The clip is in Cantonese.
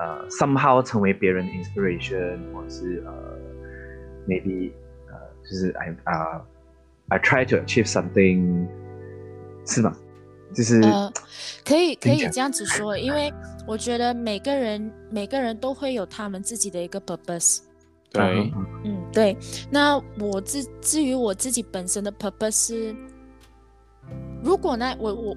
啊，somehow 成為別人的 inspiration，或是，maybe，就是，I，啊，I try to achieve something，是嘛？就是，可以可以這樣子說，因為我覺得每個人每個人都會有他們自己的一個 purpose。對，嗯，對，那我自至於我自己本身的 purpose 是，如果呢，我我。